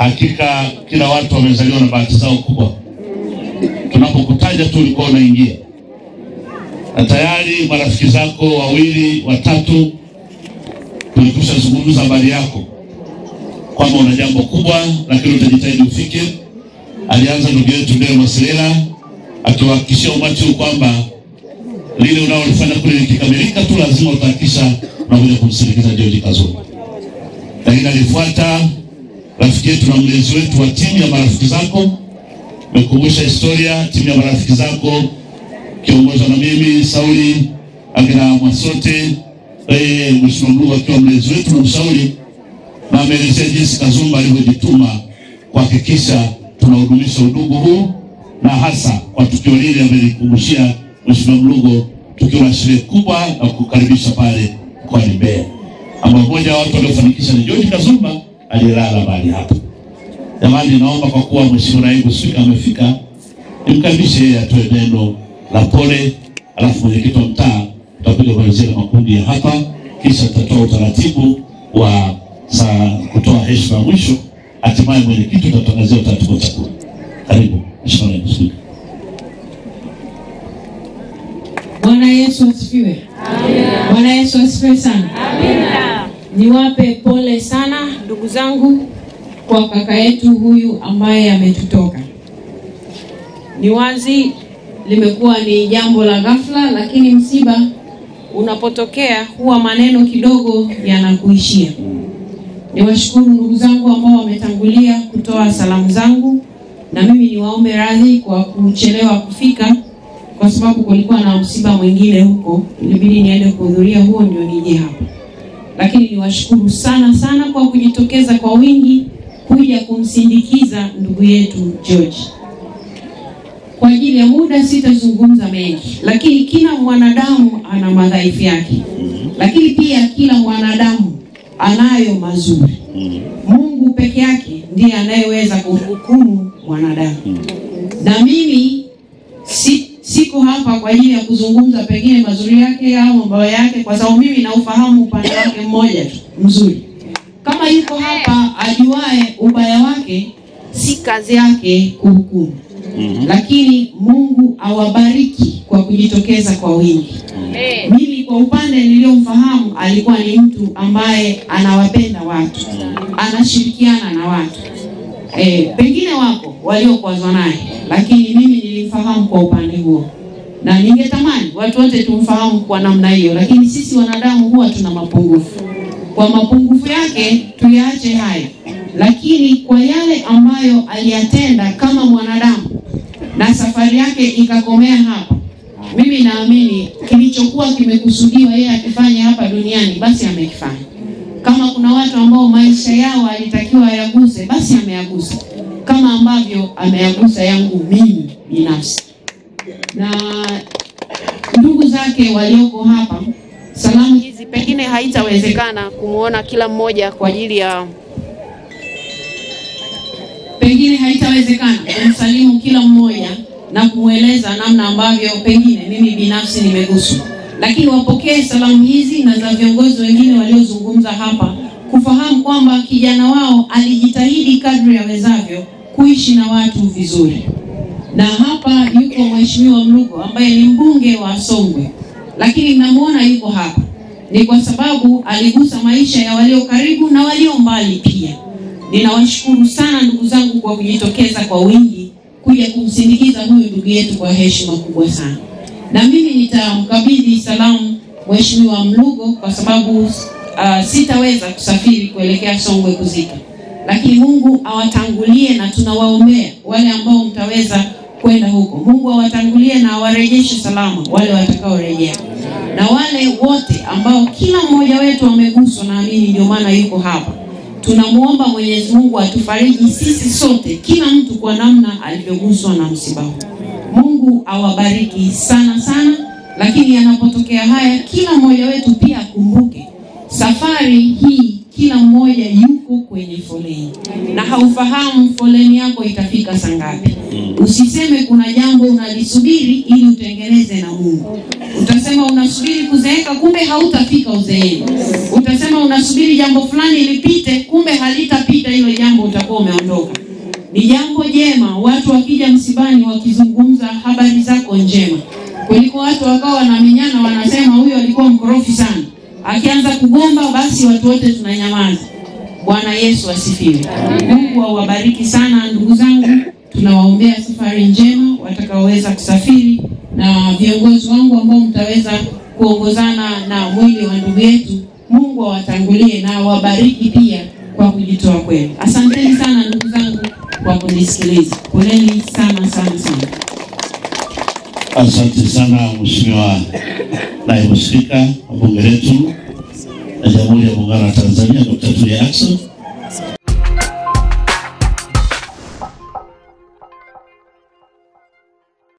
Hakika kila watu wamezaliwa na bahati zao kubwa. Tunapokutaja tu ulikuwa unaingia, na tayari marafiki zako wawili watatu tulikusha zungumza habari yako kwamba una jambo kubwa, lakini utajitahidi ufike. Alianza ndugu yetu Deo Masilela akiwahakikishia umati huu kwamba lile unaolifanya kule likikamilika tu lazima utaakisha unakuja kumsindikiza George Kazungu, lakini alifuata rafiki yetu na mlezi wetu wa timu ya marafiki zako. Umekumbusha historia timu ya marafiki zako kiongozwa na mimi Sauli akina Mwasote, eh, Mheshimiwa Mlugu akiwa mlezi wetu na mshauri, na ameelezea jinsi Kazumba alivyojituma kuhakikisha tunahudumisha udugu huu na hasa kwa tukio lile amelikumbushia Mheshimiwa Mlugo, tukio la sherehe kubwa na kukaribisha pale mkoani Mbeya, ambao mmoja wa watu waliofanikisha ni George Kazumba alilala mahali hapo. Jamani, naomba kwa kuwa mheshimiwa naibu spika amefika, nimkaribishe yeye atoe neno la pole, alafu mwenyekiti wa mtaa tutakuja kuanzia makundi ya hapa, kisha tutatoa utaratibu wa saa kutoa heshima ya mwisho, hatimaye mwenyekiti utatangazia utaratibu wa chakula. Karibu mheshimiwa naibu spika. Bwana Yesu asifiwe. Amina. Bwana Yesu asifiwe sana. Amina. Niwape pole sana ndugu zangu, kwa kaka yetu huyu ambaye ametutoka, ni wazi limekuwa ni jambo la ghafla, lakini msiba unapotokea huwa maneno kidogo yanakuishia. Niwashukuru ndugu zangu ambao wametangulia kutoa salamu zangu, na mimi niwaombe radhi kwa kuchelewa kufika, kwa sababu kulikuwa na msiba mwingine huko, ilibidi niende kuhudhuria huo, ndio nije hapa lakini niwashukuru sana sana kwa kujitokeza kwa wingi kuja kumsindikiza ndugu yetu George. Kwa ajili ya muda sitazungumza mengi, lakini kila mwanadamu ana madhaifu yake, mhm. lakini pia kila mwanadamu anayo mazuri. Mhm. Mungu peke yake ndiye anayeweza kuhukumu mwanadamu, mhm. na mimi hapa kwa ajili ya kuzungumza pengine mazuri yake au mabaya yake, kwa sababu mimi naufahamu upande wake mmoja tu mzuri. Kama yuko hapa ajuae ubaya wake, si kazi yake kuhukumu. Mm -hmm. Lakini Mungu awabariki kwa kujitokeza kwa wingi. Mm -hmm. Mimi kwa upande niliyomfahamu alikuwa ni mtu ambaye anawapenda watu, mhm. anashirikiana na watu. E, pengine wako waliokwazwa naye, lakini mimi nilimfahamu kwa upande huo na ningetamani watu wote tumfahamu kwa namna hiyo, lakini sisi wanadamu huwa tuna mapungufu. Kwa mapungufu yake tuyaache haya, lakini kwa yale ambayo aliyatenda kama mwanadamu na safari yake ikakomea hapa, mimi naamini kilichokuwa kimekusudiwa yeye akifanya hapa duniani, basi amekifanya. Kama kuna watu ambao maisha yao alitakiwa ayaguse, basi ameyagusa, kama ambavyo ameyagusa yangu mimi binafsi na ndugu zake walioko hapa. Salamu hizi pengine haitawezekana kumwona kila mmoja kwa ajili ya pengine haitawezekana kumsalimu kila mmoja na kumweleza namna ambavyo pengine mimi binafsi nimeguswa, lakini wapokee salamu hizi na za viongozi wengine waliozungumza hapa, kufahamu kwamba kijana wao alijitahidi kadri yawezavyo kuishi na watu vizuri, na hapa yuko Mheshimiwa Mlugo ambaye ni mbunge wa Songwe, lakini namwona yuko hapa ni kwa sababu aligusa maisha ya walio karibu na walio mbali pia. Ninawashukuru sana ndugu zangu kwa kujitokeza kwa wingi kuja kumsindikiza huyu ndugu yetu kwa heshima kubwa sana, na mimi nitamkabidhi salamu Mheshimiwa Mrugo kwa sababu uh, sitaweza kusafiri kuelekea Songwe kuzika, lakini Mungu awatangulie na tunawaombea wale ambao mtaweza kwenda huko. Mungu awatangulie na awarejeshe salama wale watakaorejea, na wale wote ambao kila mmoja wetu ameguswa, naamini ndio maana yuko hapa. Tunamwomba Mwenyezi Mungu atufariji sisi sote, kila mtu kwa namna alivyoguswa na msiba huu. Mungu awabariki sana sana. Lakini yanapotokea haya, kila mmoja wetu pia akumbuke safari hii kila mmoja yuko kwenye foleni na haufahamu foleni yako itafika saa ngapi. Mm. Usiseme kuna jambo unalisubiri ili utengeneze na Mungu. Utasema unasubiri kuzeeka, kumbe hautafika uzeeni. Utasema unasubiri jambo fulani lipite, kumbe halitapita hilo jambo, utakuwa umeondoka. Ni jambo jema watu wakija msibani wakizungumza habari zako njema kuliko watu wakawa wanamenyana wana Akianza kugomba basi watu wote tunanyamaza. Bwana Yesu asifiwe. Mungu awabariki sana ndugu zangu, tunawaombea safari njema watakaoweza kusafiri na viongozi wangu ambao mtaweza kuongozana na mwili wa ndugu yetu. Mungu awatangulie na awabariki pia kwa kujitoa kwenu. Asanteni sana ndugu zangu kwa kunisikiliza. Poleni sana sana sana. Asante sana Mheshimiwa Naibu Spika, bunge letu ya Jamhuri ya Muungano wa Tanzania Dr. Tulia Ackson